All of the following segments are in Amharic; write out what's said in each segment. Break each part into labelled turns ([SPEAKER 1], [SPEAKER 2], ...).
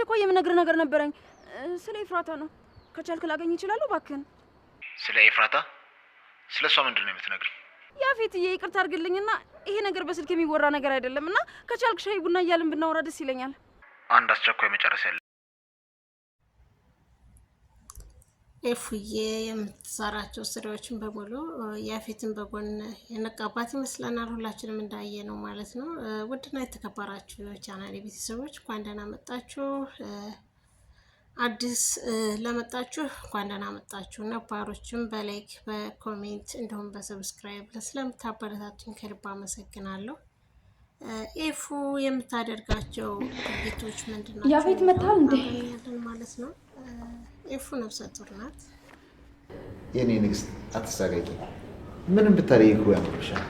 [SPEAKER 1] በአስቸኳይ የምነግር ነገር ነበረኝ። ስለ ኤፍራታ ነው። ከቻልክ ላገኝ ይችላሉ? እባክህን። ስለ ኤፍራታ? ስለ እሷ ምንድን ነው የምትነግሪኝ? ያፌትዬ፣ ይቅርታ አድርግልኝና ይሄ ነገር በስልክ የሚወራ ነገር አይደለም እና ከቻልክ ሻይ ቡና እያልን ብናወራ ደስ ይለኛል። አንድ አስቸኳይ መጨረስ ያለ ኤፉዬ የምትሰራቸው ስራዎችን በሙሉ ያፌትን በጎን የነቃባት ይመስለናል። ሁላችንም እንዳየ ነው ማለት ነው። ውድና የተከበራችሁ ቻናል ቤተሰቦች እንኳን ደህና መጣችሁ። አዲስ ለመጣችሁ እንኳን ደህና መጣችሁ። ነባሮችም በላይክ በኮሜንት እንዲሁም በሰብስክራይብ ስለምታበረታቱኝ ከልብ አመሰግናለሁ። ኤፉ የምታደርጋቸው ድርጊቶች ምንድን ናቸው? ያፌት መታል እንዴ? ማለት ነው። ኤፉ ነፍሰ ጡር ናት። የኔ ንግስት አትሳጋቂ። ምንም ብታደይ እኮ ያምርሻል።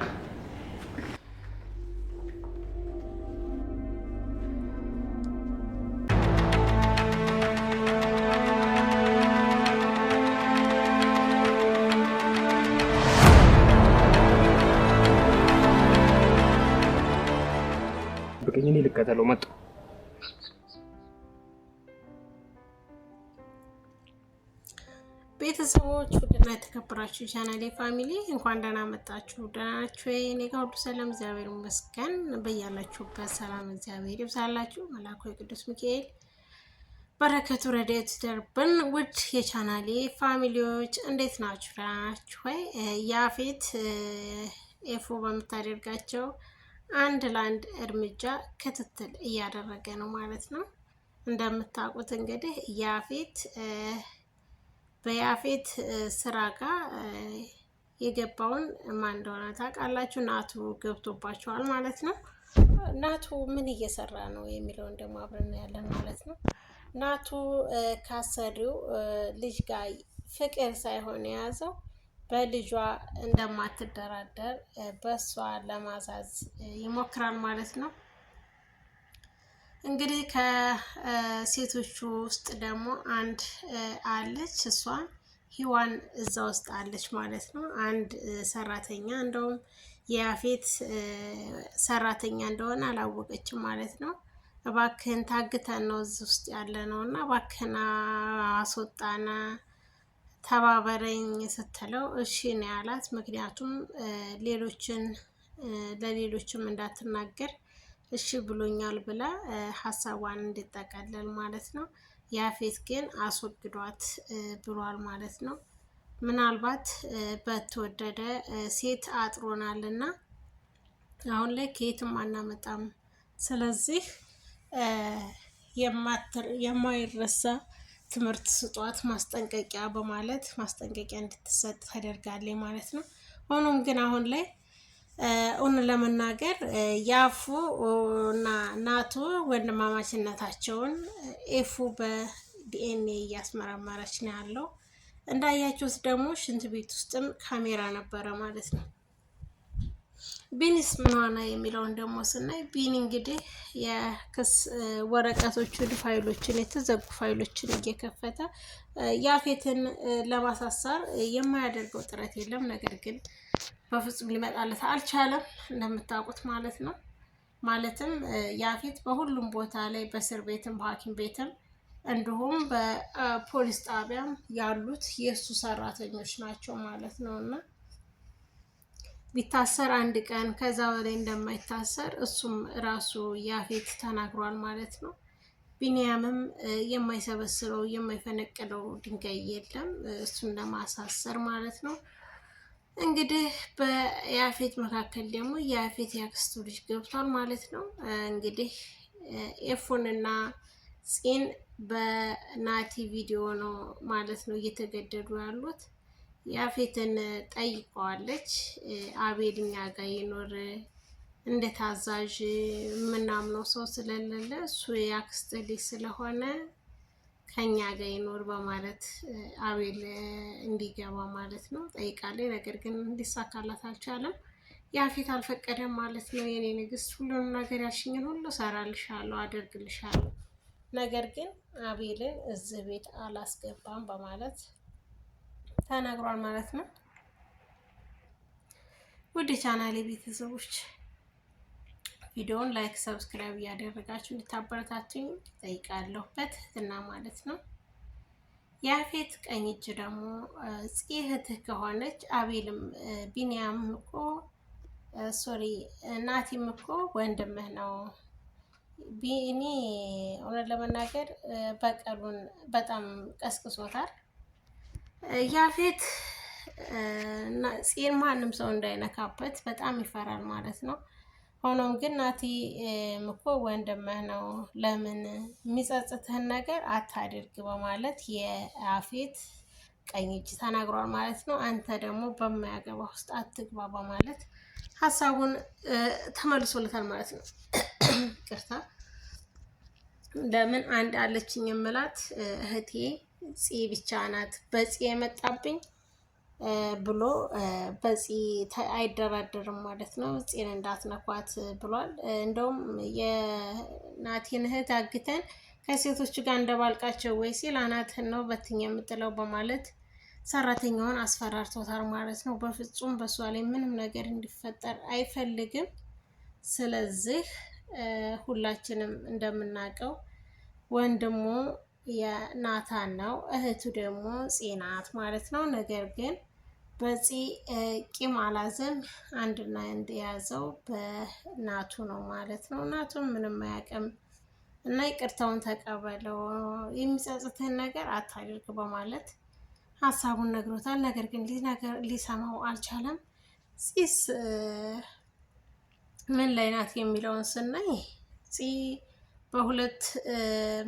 [SPEAKER 1] ብቅኝኔ ልከተለው መጣሁ ቤተሰቦች ውድና የተከበራችሁ ቻናል ፋሚሊ እንኳን ደህና መጣችሁ። ደህና ናችሁ? እኔ ጋር ሁሉ ሰላም እግዚአብሔር ይመስገን። በያላችሁበት ሰላም እግዚአብሔር ይብዛላችሁ። መላኩ የቅዱስ ሚካኤል በረከቱ ረድኤቱ ይደርብን። ውድ የቻናሌ ፋሚሊዎች እንዴት ናችሁ? ደህና ናችሁ ወይ? ያፌት ኤፎ በምታደርጋቸው አንድ ለአንድ እርምጃ ክትትል እያደረገ ነው ማለት ነው። እንደምታውቁት እንግዲህ ያፌት በያፌት ስራ ጋር የገባውን ማን እንደሆነ ታውቃላችሁ። ናቱ ገብቶባቸዋል ማለት ነው። ናቱ ምን እየሰራ ነው የሚለውን ደግሞ አብረን ያለን ማለት ነው። ናቱ ካሰሪው ልጅ ጋር ፍቅር ሳይሆን የያዘው በልጇ እንደማትደራደር በእሷ ለማዛዝ ይሞክራል ማለት ነው። እንግዲህ ከሴቶቹ ውስጥ ደግሞ አንድ አለች፣ እሷ ሂዋን እዛ ውስጥ አለች ማለት ነው። አንድ ሰራተኛ እንደውም የያፌት ሰራተኛ እንደሆነ አላወቀችም ማለት ነው። እባክህን ታግተን ነው እዚህ ውስጥ ያለ ነው እና እባክህን አስወጣና ተባበረኝ ስትለው እሺ ነው ያላት። ምክንያቱም ሌሎችን ለሌሎችም እንዳትናገር እሺ ብሎኛል ብላ ሀሳቧን እንድጠቀለል ማለት ነው። ያፌት ግን አስወግዷት ብሏል ማለት ነው። ምናልባት በተወደደ ሴት አጥሮናል እና አሁን ላይ ከየትም አናመጣም። ስለዚህ የማይረሳ ትምህርት ስጧት፣ ማስጠንቀቂያ በማለት ማስጠንቀቂያ እንድትሰጥ ተደርጋለች ማለት ነው። ሆኖም ግን አሁን ላይ እውን ለመናገር ያፉ እና ናቱ ወንድማማችነታቸውን ኤፉ በዲኤንኤ እያስመረመረች ነው ያለው። እንዳያችሁት ደግሞ ሽንት ቤት ውስጥም ካሜራ ነበረ ማለት ነው። ቢኒስ ምን ሆነ የሚለውን ደግሞ ስናይ ቢኒ እንግዲህ የክስ ወረቀቶችን ፋይሎችን የተዘጉ ፋይሎችን እየከፈተ ያፌትን ለማሳሰር የማያደርገው ጥረት የለም። ነገር ግን በፍጹም ሊመጣለት አልቻለም፣ እንደምታውቁት ማለት ነው። ማለትም ያፌት በሁሉም ቦታ ላይ በእስር ቤትም በሐኪም ቤትም እንዲሁም በፖሊስ ጣቢያም ያሉት የእሱ ሰራተኞች ናቸው ማለት ነው እና ቢታሰር አንድ ቀን ከዛ በላይ እንደማይታሰር እሱም ራሱ ያፌት ተናግሯል ማለት ነው። ቢንያምም የማይሰበስበው የማይፈነቅለው ድንጋይ የለም እሱን ለማሳሰር ማለት ነው። እንግዲህ በያፌት መካከል ደግሞ የያፌት ያክስቱ ልጅ ገብቷል ማለት ነው። እንግዲህ ኤፉንና ፂን በናቲ ቪዲዮ ነው ማለት ነው እየተገደዱ ያሉት። ያፌትን ጠይቀዋለች። አቤል እኛ ጋር ይኖር እንደ ታዛዥ የምናምነው ሰው ስለሌለ እሱ የአክስት ልጅ ስለሆነ ከኛ ጋር ይኖር በማለት አቤል እንዲገባ ማለት ነው ጠይቃለች። ነገር ግን እንዲሳካላት አልቻለም። ያፌት አልፈቀደም ማለት ነው። የኔ ንግስት፣ ሁሉንም ነገር ያልሽኝን ሁሉ ሰራልሻለሁ፣ አደርግልሻለሁ፣ ነገር ግን አቤልን እዚህ ቤት አላስገባም በማለት ተናግሯል ማለት ነው። ውድ ቻናሌ ቤተሰቦች ቪዲዮውን ላይክ፣ ሰብስክራይብ እያደረጋችሁ እንድታበረታቱኝ ጠይቃለሁ በትህትና ማለት ነው። ያፌት ቀኝ እጅ ደግሞ ጽህትህ ከሆነች አቤልም ቢንያም እኮ ሶሪ ናቲም እኮ ወንድምህ ነው። ቢኒ እውነት ለመናገር በቀሉን በጣም ቀስቅሶታል። ያፌት ፂን ማንም ሰው እንዳይነካበት በጣም ይፈራል ማለት ነው። ሆኖም ግን ናቲ እኮ ወንድምህ ነው፣ ለምን የሚጸጽትህን ነገር አታድርግ በማለት የአፌት ቀኝ እጅ ተናግሯል ማለት ነው። አንተ ደግሞ በማያገባ ውስጥ አትግባ በማለት ሀሳቡን ተመልሶለታል ማለት ነው። ቅርታ ለምን አንድ አለችኝ የምላት እህቴ ፂ ብቻ ናት በፂ የመጣብኝ ብሎ በፂ አይደራደርም ማለት ነው። ፂን እንዳትነኳት ብሏል። እንደውም የናቴን እህት አግተን ከሴቶቹ ጋር እንደባልቃቸው ወይ ሲል አናትህን ነው በትኝ የምጥለው በማለት ሰራተኛውን አስፈራርቶታል ማለት ነው። በፍጹም በሷ ላይ ምንም ነገር እንዲፈጠር አይፈልግም። ስለዚህ ሁላችንም እንደምናውቀው ወንድሙ የናታን ነው። እህቱ ደግሞ ጽናት ማለት ነው። ነገር ግን በዚህ ቂም አላዘን አንድና እንድ የያዘው በናቱ ነው ማለት ነው። ናቱን ምንም አያውቅም እና ይቅርታውን ተቀበለው፣ የሚጸጽትህን ነገር አታድርግ በማለት ሀሳቡን ነግሮታል። ነገር ግን ሊሰማው አልቻለም። ፂስ ምን ላይ ናት የሚለውን ስናይ በሁለት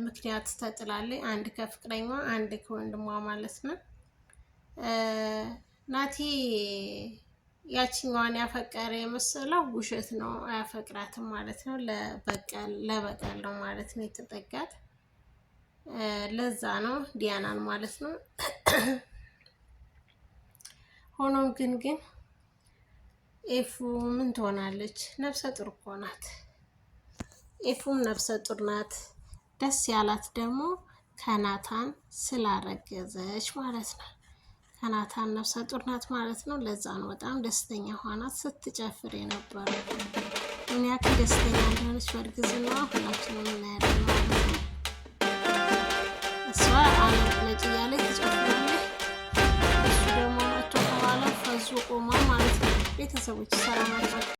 [SPEAKER 1] ምክንያት ተጥላለች። አንድ ከፍቅረኛዋ፣ አንድ ከወንድሟ ማለት ነው። ናቲ ያችኛዋን ያፈቀረ የመሰለው ውሸት ነው፣ አያፈቅራትም ማለት ነው። ለበቀል ነው ማለት ነው የተጠጋት። ለዛ ነው ዲያናን ማለት ነው። ሆኖም ግን ግን ኤፉ ምን ትሆናለች? ነፍሰ ጡር እኮ ናት። ኤፉም ነፍሰ ጡር ናት። ደስ ያላት ደግሞ ከናታን ስላረገዘች ማለት ነው። ከናታን ነፍሰ ጡር ናት ማለት ነው። ለዛ ነው በጣም ደስተኛ ሆናት ስትጨፍር የነበረው። ምን ያክል ደስተኛ እንደሆነች በእርግዝናዋ ሁላችንም እናያለን ማለት ነው። እሷ አለጭ እያለ ትጨፍራለች። እሱ ደግሞ መቶ ከኋላ ፈዙ ቆሟ ማለት ነው። ቤተሰቦች ሰላማቸው